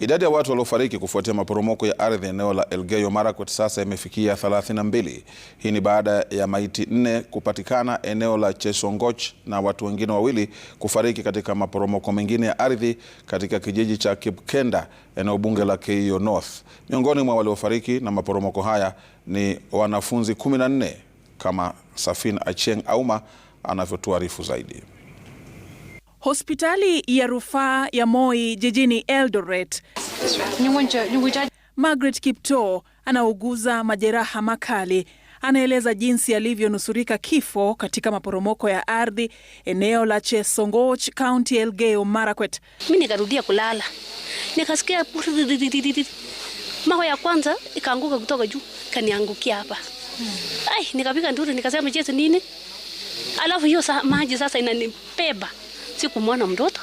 Idadi ya watu waliofariki kufuatia maporomoko ya ardhi eneo la Elgeyo Marakwet sasa imefikia 32. Hii ni baada ya maiti nne kupatikana eneo la Chesongoch na watu wengine wawili kufariki katika maporomoko mengine ya ardhi katika kijiji cha Kipkenda eneo bunge la Keiyo North. Miongoni mwa waliofariki na maporomoko haya ni wanafunzi 14 kama Safin Acheng Auma anavyotuarifu zaidi. Hospitali ya rufaa ya Moi jijini Eldoret, Margaret Kipto anauguza majeraha makali. Anaeleza jinsi alivyonusurika kifo katika maporomoko ya ardhi eneo la Chesongoch, ya Elgeyo Marakwet. Mimi nikarudia kulala, nikasikia mawe ya kwanza ikaanguka kutoka juu, kaniangukia hapa. Ai, nikapiga nduru, nikasema je, nini? Alafu hiyo maji sasa inanibeba sikumwona mtoto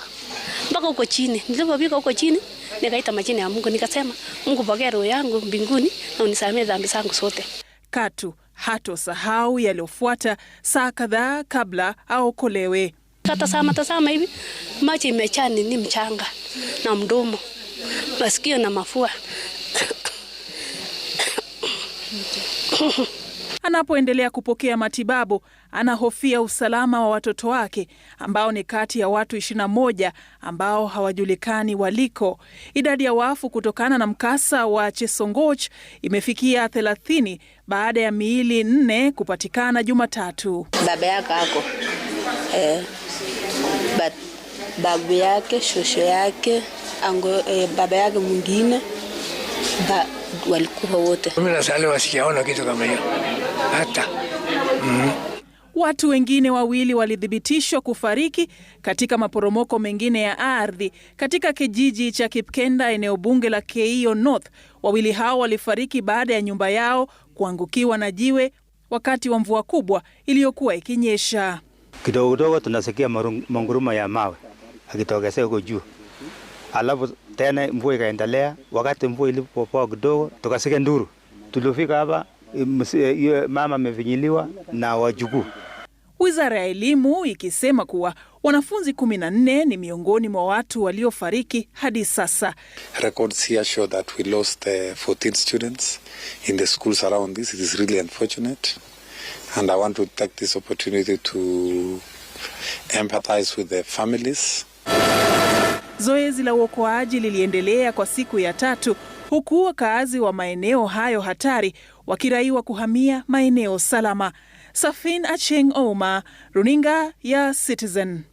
mpaka huko chini. Nilipofika huko chini, nikaita majina ya Mungu, nikasema Mungu, pokea roho yangu mbinguni na unisamee dhambi zangu zote. Katu sahau yaliyofuata, saa kadhaa kabla aokolewe. Katasama tasama hivi maji imejaa nini, mchanga na mdomo, masikio na mafua anapoendelea kupokea matibabu anahofia usalama wa watoto wake ambao ni kati ya watu 21 ambao hawajulikani waliko. Idadi ya wafu kutokana na mkasa wa Chesongoch imefikia 30 baada ya miili nne kupatikana Jumatatu. Baba yake ako eh, babu yake, shosho yake ango, eh, baba yake mwingine walikuwa wote. Sijaona kitu kama hiyo hata mm. Watu wengine wawili walithibitishwa kufariki katika maporomoko mengine ya ardhi katika kijiji cha Kipkenda, eneo bunge la Keio North. Wawili hao walifariki baada ya nyumba yao kuangukiwa na jiwe wakati wa mvua kubwa iliyokuwa ikinyesha. Kidogo kidogo tunasikia manguruma ya mawe akitokesea huko juu alafu tena mvua ikaendelea. Wakati mvua ilipopoa kidogo, tukasike nduru. Tulifika hapa, eh, mama amevinyiliwa na wajukuu. Wizara ya Elimu ikisema kuwa wanafunzi kumi na nne ni miongoni mwa watu waliofariki hadi sasa. Records here show that we lost 14 eh, students in the schools around this. It is really unfortunate and I want to take this opportunity to empathize with the families. Zoezi la uokoaji liliendelea kwa siku ya tatu huku wakaazi wa maeneo hayo hatari wakiraiwa kuhamia maeneo salama. Safin Acheng Oma, Runinga ya Citizen.